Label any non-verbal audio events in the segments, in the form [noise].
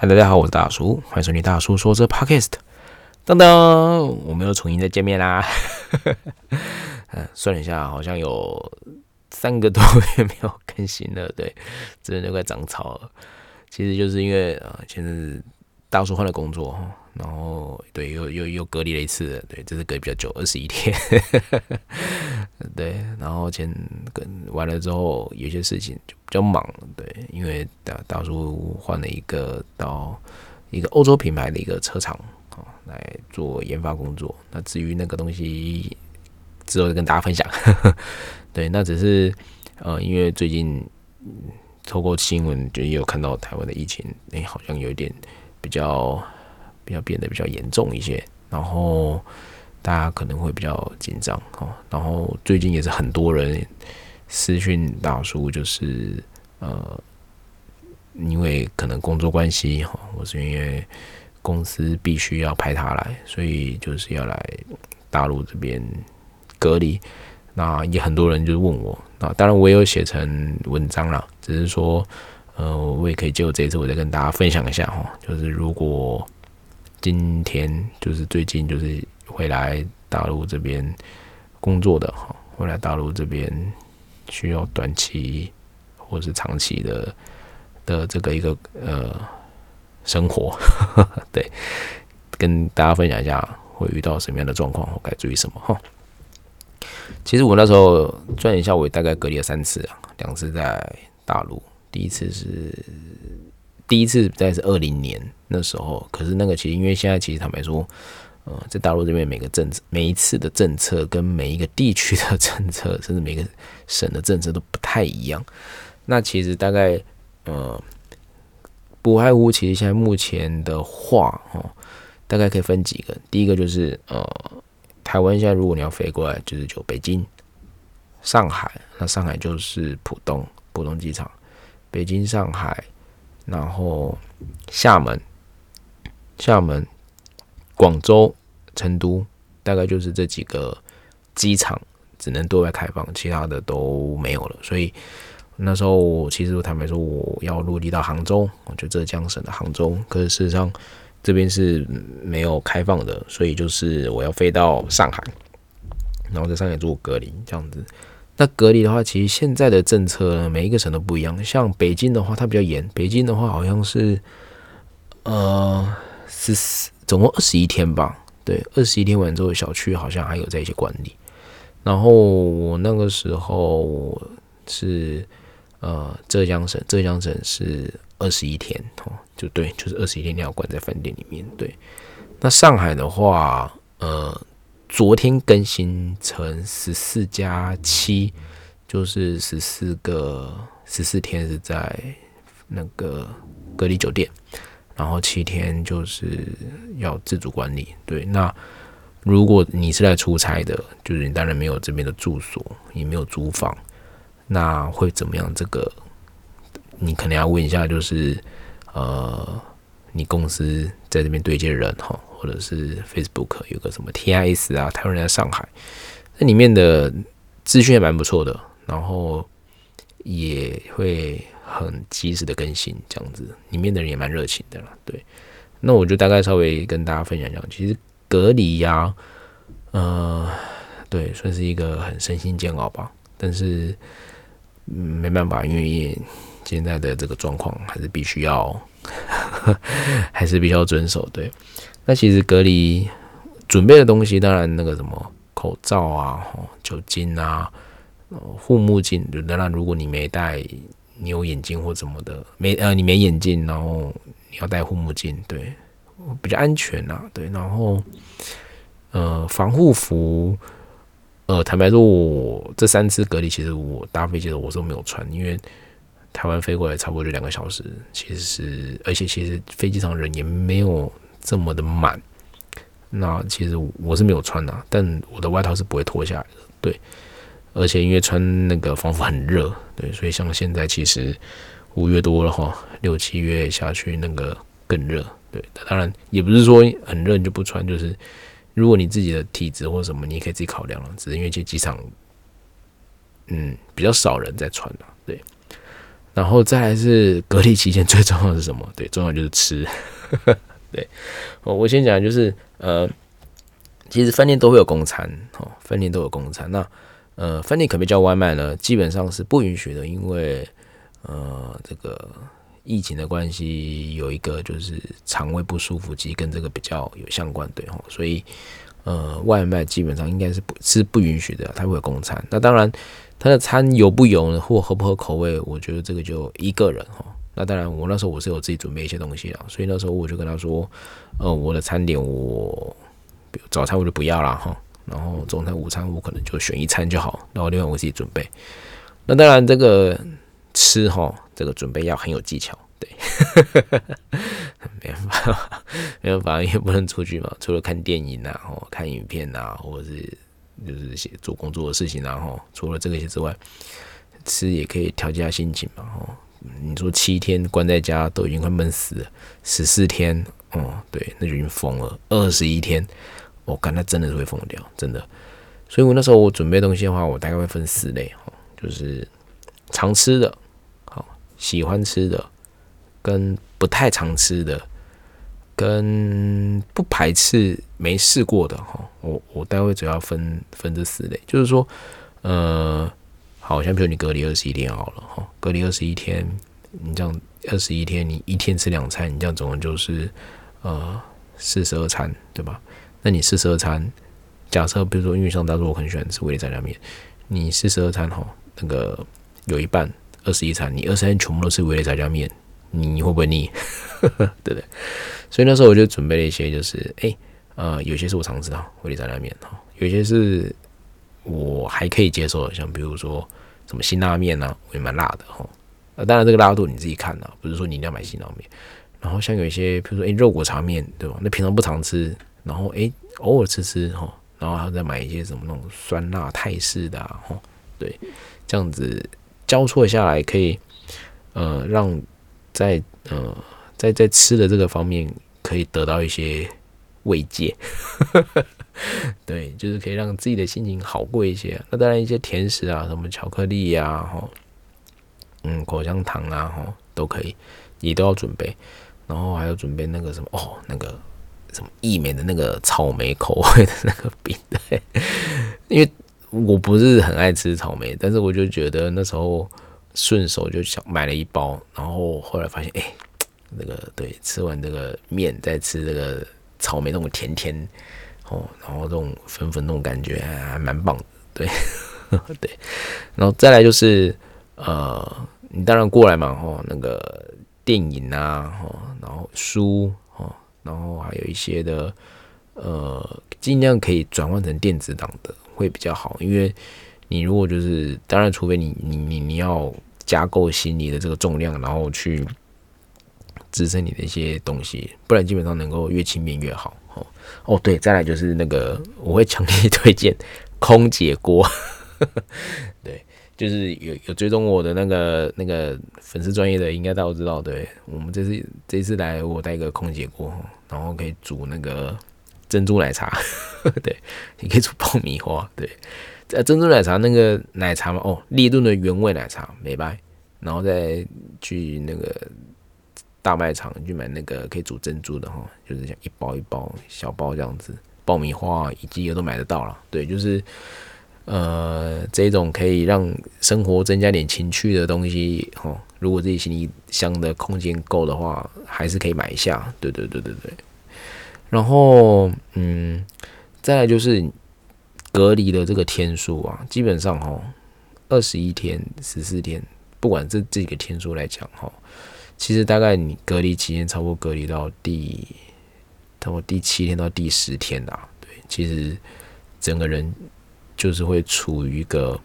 嗨，Hi, 大家好，我是大叔，歡迎收聽大叔說這 Podcast。當當，我們又重新再見面啦。嗯， [laughs] 算了一下，好像有三個多月沒有更新了，對，真的都快長草了。其實就是因為啊，現、呃、在大叔換了工作。然後，對，又又又隔離了一次了，對，這次隔離比較久，二十一天，呵呵，對。然後前跟完了之後，有些事情就比較忙，對，因為大大叔換了一個到一個歐洲品牌的一個車廠，哦，來做研發工作。那至於那個東西，之後再跟大家分享。呵呵，對，那只是呃，因為最近，嗯，透過新聞就也有看到台灣的疫情，哎，好像有一點比較，要變得比較嚴重一些，然後大家可能會比較緊張哦。然後最近也是很多人私訊大叔，就是呃，因為可能工作關係哈，我是因為公司必須要派他來，所以就是要來大陸這邊隔離。那也很多人就是問我，那當然我也有寫成文章啦，只是說呃，我也可以借這一次我再跟大家分享一下哈，就是如果今天就是最近就是回來大陸這邊工作的哈，回來大陸這邊需要短期或是長期的的這個一個呃生活， [laughs] 對，跟大家分享一下會遇到什麼樣的狀況，我該注意什麼哈。其實我那時候轉眼一下，我也大概隔離了三次啊，兩次在大陸，第一次是第一次在是二零年。那時候，可是那個其實，因為現在其實坦白說，呃，在大陸這邊每個政策、每一次的政策跟每一個地區的政策，甚至每個省的政策都不太一樣。那其實大概，呃，不外乎其實現在目前的話哦，大概可以分幾個。第一個就是呃，台灣現在如果你要飛過來，就是就北京、上海，那上海就是浦東浦東機場，北京、上海，然後廈門。廈門、廣州、成都，大概就是這幾個機場只能對外開放，其他的都沒有了。所以那時候，我其實我坦白說，我要落地到杭州，我就浙江省的杭州。可是事實上，這邊是沒有開放的，所以就是我要飛到上海，然後在上海做隔離這樣子。那隔離的話，其實現在的政策呢，每一個省都不一樣。像北京的話，它比較嚴。北京的話，好像是，呃。是總共二十一天吧？對，二十一天完之後，小區好像還有在一些管理。然後我那個時候是呃，浙江省、浙江省是二十一天哦，就對，就是二十一天你要管在飯店裡面。對，那上海的話，呃，昨天更新成十四加七，就是十四個十四天是在那個隔離酒店。然後七天就是要自主管理，對。那如果你是來出差的，就是你當然沒有這邊的住所，也沒有租房，那會怎麼樣？這個你可能要問一下，就是呃，你公司在這邊對接人哈，或者是 Facebook 有個什麼 TIS 啊，台灣人在上海，那裡面的資訊也蠻不錯的，然後也會。很及時的更新，這樣子裡面的人也蠻熱情的啦。對，那我就大概稍微跟大家分享一下，其實隔離呀，呃，對，算是一個很身心煎熬吧。但是沒辦法，因為現在的這個狀況還是必須要，還是比較遵守。對，那其實隔離準備的東西，當然那個什麼口罩啊、酒精啊、護目鏡，當然如果你沒帶。你有眼鏡或怎麼的？沒呃，你沒眼鏡，然後你要戴護目鏡，對，比較安全吶、啊，對。然後呃，防護服，呃，坦白說我，我這三次隔離，其實我搭飛機的，我都沒有穿，因為台灣飛過來差不多兩個小時，其實而且其實飛機上人也沒有這麼的滿。那其實我是沒有穿的、啊，但我的外套是不會脫下來的，對。而且因為穿那個防護很熱，對，所以像現在其實五月多了哈，六七月下去那個更熱，對。當然也不是說很熱你就不穿，就是如果你自己的體質或什麼，你也可以自己考量了。只是因為這機場，嗯，比較少人在穿、啊、對。然後再來是隔離期間最重要的是什麼？對，重要就是吃。 [laughs] 對，我我先講就是呃，其實飯店都會有公餐，哈、哦，飯店都有公餐那。呃，飯店可不可以叫外賣呢？基本上是不允許的，因為呃，這個疫情的關係，有一個就是腸胃不舒服，其實跟這個比較有相關，對吼，所以呃，外賣基本上應該是不，是不允許的，他會有供餐。那當然，他的餐油不油呢，或合不合口味，我覺得這個就一個人哈。那當然，我那時候我是有自己準備一些東西的，所以那時候我就跟他說，呃，我的餐點我早餐我就不要了哈。然後中餐、午餐我可能就選一餐就好，然後另外我自己準備。那當然，這個吃哈，這個準備要很有技巧。對， [laughs] 沒辦法，沒辦法，也不能出去嘛。除了看電影啊，看影片啊，或者是就是些做工作的事情、啊，然後除了這個些之外，吃也可以調節下心情嘛。哦，你說七天關在家都已經快悶死了，十四天，哦、嗯，對，那就已經瘋了，二十一天。我感、哦，那真的是會瘋掉，真的。所以我那時候我準備東西的話，我大概會分四類，就是常吃的，好，喜歡吃的，跟不太常吃的，跟不排斥沒試過的，我我大概主要分分這四類，就是說，呃，好，像比如你隔離二十一天好了，隔離二十一天，你這樣二十一天，你一天吃兩餐，你這樣總共就是呃四十二餐，對吧？那你四十二餐，假設比如說，因為像當初我很喜歡吃維力炸醬麵，你四十二餐哈，那個有一半二十一餐，你二十三全部都是維力炸醬麵，你會不會膩？ [laughs] 對不對，對？所以那時候我就準備了一些，就是誒、欸、呃，有些是我常吃的維力炸醬麵哈，有些是我還可以接受的，像比如說什麼辛拉麵、啊、我也蠻辣的哈，呃，當然這個辣度你自己看啦、啊，不是說你一定要買辛拉麵。然後像有一些比如說誒、欸、肉骨茶麵對吧，那平常不常吃。然後哎，偶爾吃吃哈，然後還要再買一些什麼那種酸辣泰式的哈、啊，對，這樣子交錯下來可以呃讓在呃在在，在吃的這個方面可以得到一些慰藉， [laughs] 對，就是可以讓自己的心情好過一些。那當然一些甜食啊，什麼巧克力呀、啊、哈，嗯，口香糖啊哈，都可以，也都要準備。然後還要準備那個什麼哦，那個。什麼義美的那個草莓口味的那個餅，對，因為我不是很愛吃草莓，但是我就覺得那時候順手就想買了一包，然後後來發現哎，那、欸這個對，吃完這個麵再吃這個草莓，那種甜甜哦，然後這種粉粉那種感覺還蠻、啊、棒的，對 [laughs] 對，然後再來就是呃，你當然過來嘛哈、哦，那個電影啊、哦、然後書。然後還有一些的，呃，盡量可以轉換成電子檔的會比較好，因為你如果就是，當然除非你你你你要加購行李的這個重量，然後去支撐你的一些東西，不然基本上能夠越輕便越好。好哦，對，再來就是那個我會強烈推薦空姐鍋， [laughs] 對。就是有有追蹤我的那個那個粉絲專頁的，應該大家都知道對。我們這次這次來，我帶一個空姐鍋，然後可以煮那個珍珠奶茶， [laughs] 對，你可以煮爆米花，對。珍珠奶茶那個奶茶嘛，哦，立頓的原味奶茶，美白，然後再去那個大賣場去買那個可以煮珍珠的哈，就是像一包一包小包這樣子，爆米花以及也都買得到了，對，就是。呃，這種可以讓生活增加點情趣的東西，吼、哦，如果自己行李箱的空間夠的話，還是可以買一下。對對對對對。然後，嗯，再來就是隔離的這個天數啊，基本上吼、哦，二十一天、十四天，不管這這個天數來講、哦，吼，其實大概你隔離期間，超過隔離到第，超過第七天到第十天啊，對，其實整個人。就是會處於一個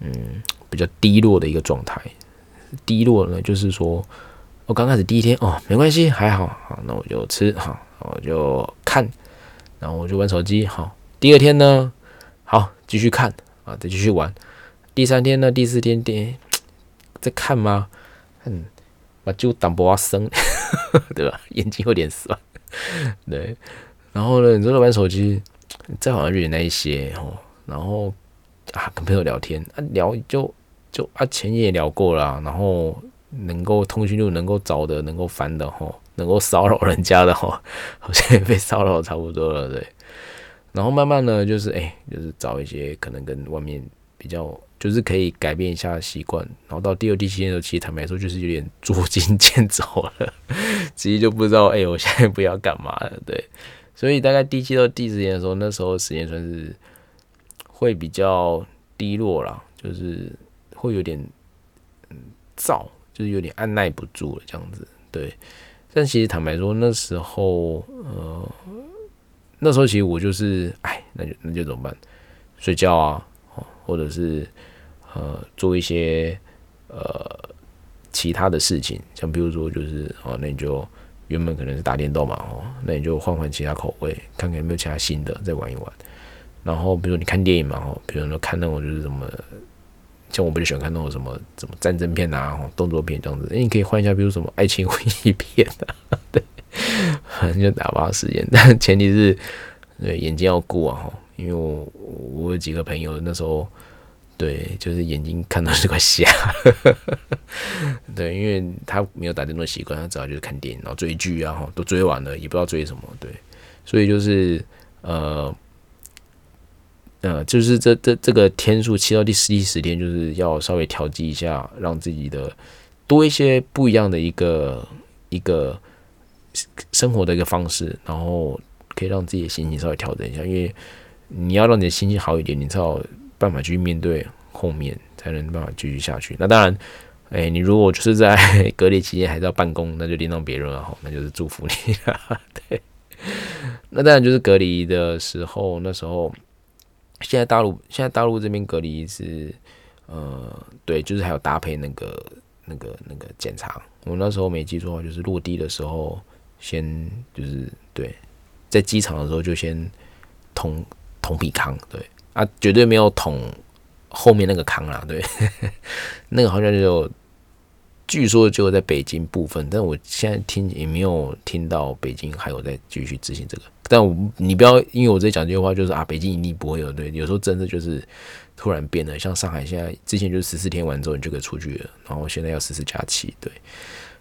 嗯比較低落的一個狀態，低落呢，就是說，我、哦、剛開始第一天哦，沒關係，還好好，那我就吃好，我就看，然後我就玩手機好，第二天呢，好繼續看啊，再繼續玩。第三天呢，第四天點、欸。在看嗎？嗯，我就擋不阿生， [laughs] 對吧？眼睛有點酸，對。然後呢，你都在玩手機，再好像就那一些哦。然後啊，跟朋友聊天啊，聊就就啊，前也聊過啦，然後能夠通訊錄能夠找的，能夠翻的哈、哦，能夠騷擾人家的哈、哦，好像也被騷擾差不多了，對。然後慢慢呢，就是哎、欸，就是找一些可能跟外面比較，就是可以改變一下習慣。然後到第二、第七天的時候，其實坦白說，就是有點捉襟見肘了，直接就不知道哎、欸，我現在不要幹嘛了，對。所以大概第七到第十天的時候，那時候時間算是。會比較低落啦，就是會有點嗯燥，就是有點按耐不住了這樣子，對。但其實坦白說，那時候呃那時候其實我就是哎，那就那就怎麼辦？睡覺啊，或者是呃做一些呃其他的事情，像比如說就是哦，那你就原本可能是打電動嘛哦，那你就換換其他口味，看看有沒有其他新的再玩一玩。然後，比如你看電影嘛，吼，比如說看那種就是什麼，像我不就喜歡看那種什麼什麼戰爭片啊，動作片這樣子。哎，你可以換一下，比如什麼愛情文藝片啊，對，反 [laughs] 正就打發時間。但前提是，對眼睛要顧啊，因為我我，我有幾個朋友那時候，對，就是眼睛看到是快瞎。 [laughs] 對，因為他沒有打電動習慣，他主要就是看電影，然後追劇啊，哈，都追完了，也不知道追什麼，對，所以就是呃。呃、嗯，就是這這這個天數，七到第十一十天，就是要稍微調劑一下，讓自己的多一些不一樣的一個一個生活的一個方式，然後可以讓自己的心情稍微調整一下。因為你要讓你的心情好一點，你才有辦法去面對後面，才能辦法繼續下去。那當然，哎、欸，你如果就是在隔離期間還是要辦公，那就另當別論了哈，那就是祝福你 [laughs] 對，那當然就是隔離的時候，那時候。現在大陸，現在大陸這邊隔離是，呃，對，就是還有搭配那個、那個、那個檢查。我那時候沒記錯的話，就是落地的時候先就是對，在機場的時候就先捅捅鼻康，對啊，絕對沒有捅後面那個康啦，對， [laughs] 那個好像就有。據說就在北京部分，但我現在聽也沒有聽到北京還有在繼續執行這個。但我你不要，因為我在講這句話就是啊，北京一定不會有對。有時候真的就是突然變了，像上海現在之前就是十四天完之後你就可以出去了，然後現在要14加七對。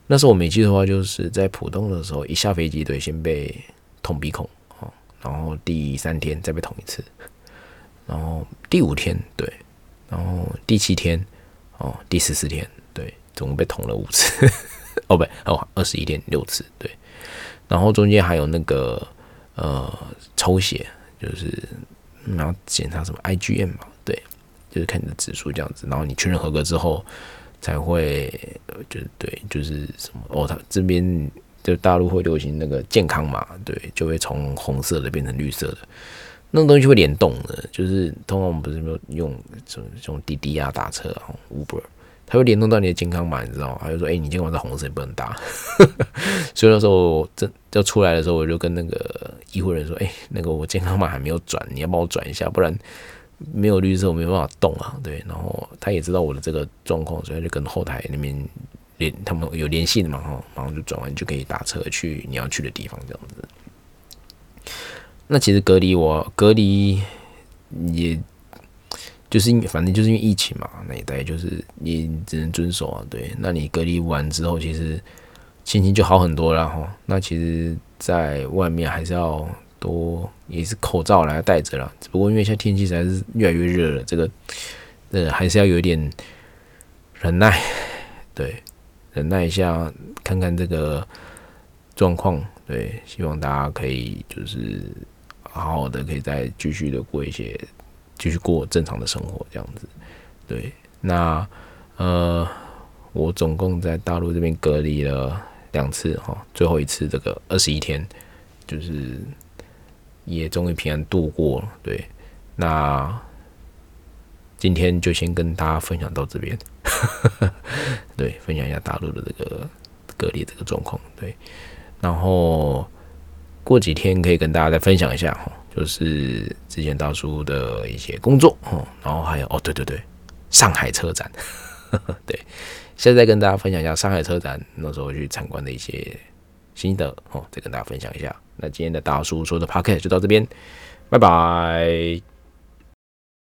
那時候我沒記得的話，就是在浦東的時候一下飛機，對，先被捅鼻孔哦，然後第三天再被捅一次，然後第五天對，然後第七天哦，第十四天。總共被捅了五次， [laughs] 哦不，哦二十一點六次，對。然後中間還有那個呃抽血，就是然後檢查什麼 IgM 嘛，對，就是看你的指數這樣子。然後你確認合格之後，才會就是對，就是什麼哦，它這邊就大陸會流行那個健康碼，對，就會從紅色的變成綠色的，那種、個、東西會聯動的。就是通常我們不是沒有用什麼什麼滴滴啊、打車啊 Uber。他會聯動到你的健康碼，你知道嗎？他就說：“哎、欸，你今天晚上紅色，也不能打。 [laughs] ”所以那時候真要出來的時候，我就跟那個醫護人員說：“哎、欸，那個我健康碼還沒有轉，你要幫我轉一下，不然沒有綠色，我沒辦法動啊。”對，然後他也知道我的這個狀況，所以就跟後台那邊聯，他們有聯繫的嘛，哈、喔，然後就轉完就可以打車去你要去的地方這樣子。那其實隔離，我隔離也。就是因，反正就是因為疫情嘛，那一代就是你只能遵守啊，對。那你隔離完之後，其實心情就好很多了哈。那其實在外面還是要多也是口罩來戴着啦，只不過因為現在天氣實在是越來越熱了，這個呃還是要有點忍耐，對，忍耐一下，看看這個狀況，對，希望大家可以就是好好的可以再繼續的過一些。繼續過正常的生活，這樣子，對。那呃，我總共在大陸這邊隔離了兩次哈，最後一次這個二十一天，就是也終於平安度過了。對，那今天就先跟大家分享到這邊， [laughs] 對，分享一下大陸的這個隔離這個狀況，對。然後過幾天可以跟大家再分享一下哈。就是之前大叔的一些工作，哦，然後還有哦，對對對，上海車展，呵呵對，現在跟大家分享一下上海車展那時候去參觀的一些心得，哦，再跟大家分享一下。那今天的大叔說的 Podcast 就到這邊，拜拜。